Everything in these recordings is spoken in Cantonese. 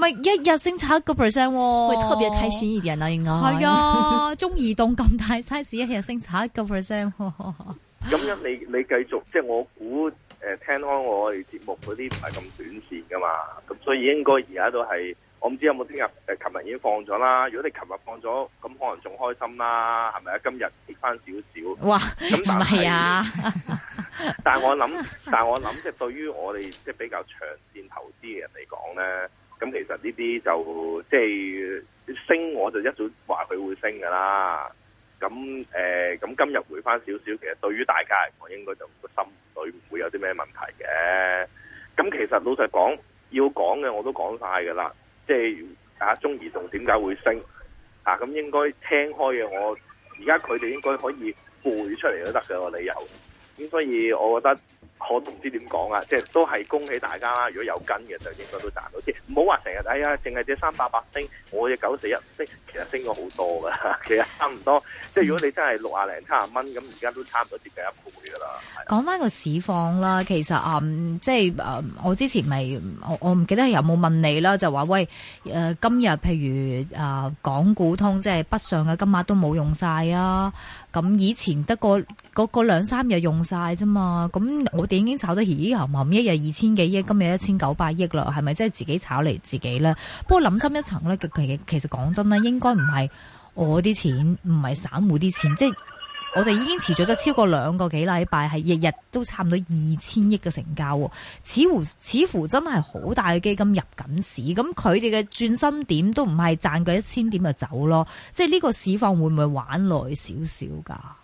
咪一日升差一個 percent，會特別開心一點啦，應該係啊， 中移動咁大 size，一日升差一個 percent，咁樣你你繼續 即係我估誒、呃，聽開我哋節目嗰啲唔係咁短綫噶嘛，咁所以應該而家都係，我唔知有冇聽日誒，琴日已經放咗啦。如果你琴日放咗，咁可能仲開心啦，係咪啊？今日跌翻少少，哇，咁唔係啊 但係我諗， 但係我諗， 但係我諗，即係對於我哋即係比較長綫投資嘅人嚟講咧。咁其實呢啲就即係、就是、升，我就一早話佢會升噶啦。咁誒、咁、呃、今日回翻少少，其實對於大家嚟講，應該就個心裏唔會有啲咩問題嘅。咁其實老實講，要講嘅我都講晒㗎啦。即、就、係、是、啊，中移動點解會升啊？咁應該聽開嘅，我而家佢哋應該可以背出嚟都得嘅個理由。咁所以，我覺得。我都唔知點講啊！即係都係恭喜大家啦。如果有跟嘅就應該都賺到啲。唔好話成日睇啊，淨、哎、係隻三百八升，我隻九四一升，其實升咗好多噶。其實差唔多。即係如果你真係六廿零七廿蚊，咁而家都差唔多接近一倍噶啦。講翻個市況啦，其實誒、嗯，即係、嗯、我之前咪我唔記得有冇問你啦，就話喂誒、呃，今日譬如誒、呃、港股通即係北上嘅金額都冇用晒啊。咁以前得個嗰、那個、兩三日用晒啫嘛。咁我哋。已經炒得咦咦含含一日二千幾億，今日一千九百億啦，係咪即係自己炒嚟，自己咧？不過諗深一層咧，其實其實講真啦，應該唔係我啲錢，唔係散戶啲錢，即係我哋已經持續咗超過兩個幾禮拜，係日日都差唔多二千億嘅成交，似乎似乎真係好大嘅基金入緊市，咁佢哋嘅轉身點都唔係賺個一千點就走咯，即係呢個市況會唔會玩耐少少噶？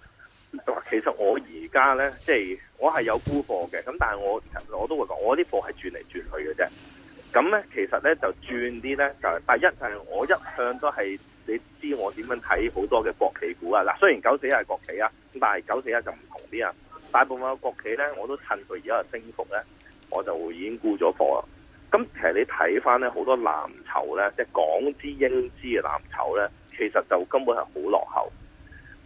其實我而家呢，即係我係有沽貨嘅，咁但係我我都會講，我啲貨係轉嚟轉去嘅啫。咁呢，其實呢就轉啲呢。就第一就係、是、我一向都係你知我點樣睇好多嘅國企股啊。嗱，雖然九四一係國企啊，但係九四一就唔同啲啊。大部分嘅國企呢，我都趁佢而家嘅升幅呢，我就已經沽咗貨喇。咁其實你睇翻呢，好多藍籌呢，即係港資英資嘅藍籌呢，其實就根本係好落後。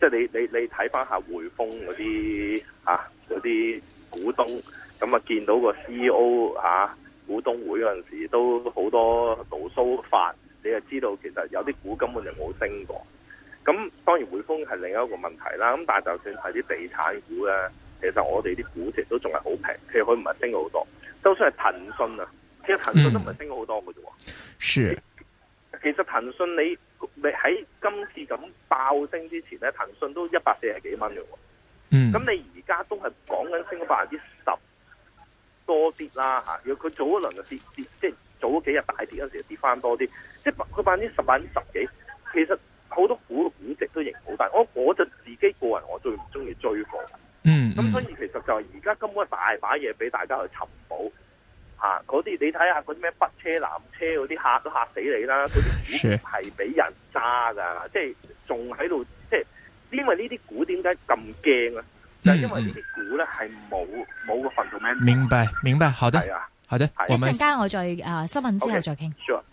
即係你你你睇翻下匯豐嗰啲嚇嗰啲股東，咁啊見到個 CEO 嚇、啊、股東會嗰陣時候都好多牢騷發，你就知道其實有啲股根本就冇升過。咁當然匯豐係另一個問題啦。咁但係就算係啲地產股咧，其實我哋啲估值都仲係好平，佢唔係升咗好多。就算係騰訊啊，其實騰訊都唔係升咗好多嘅啫、嗯。是，其實騰訊你。你喺今次咁爆升之前咧，騰訊都一百四十幾蚊嘅，嗯，咁你而家都係講緊升咗百分之十多啲啦，吓，如果佢早一輪就跌跌，即係早咗幾日大跌嗰陣時跌翻多啲，即係百佢百分之十百分之十幾，其實好多股估值都仍好大，我我就自己個人我最唔中意追貨，嗯，咁所以其實就係而家根本大把嘢俾大家去尋寶。吓、啊！嗰啲你睇下，嗰啲咩北車南車嗰啲嚇都嚇死你啦！嗰啲股係俾人揸噶，即係仲喺度，即係因為呢啲股點解咁驚啊？就係、因為呢啲股咧係冇冇個群眾面。明白，明白，好的，啊、好的。啊、我一陣間我再啊、呃，新聞之後再傾。Okay, sure.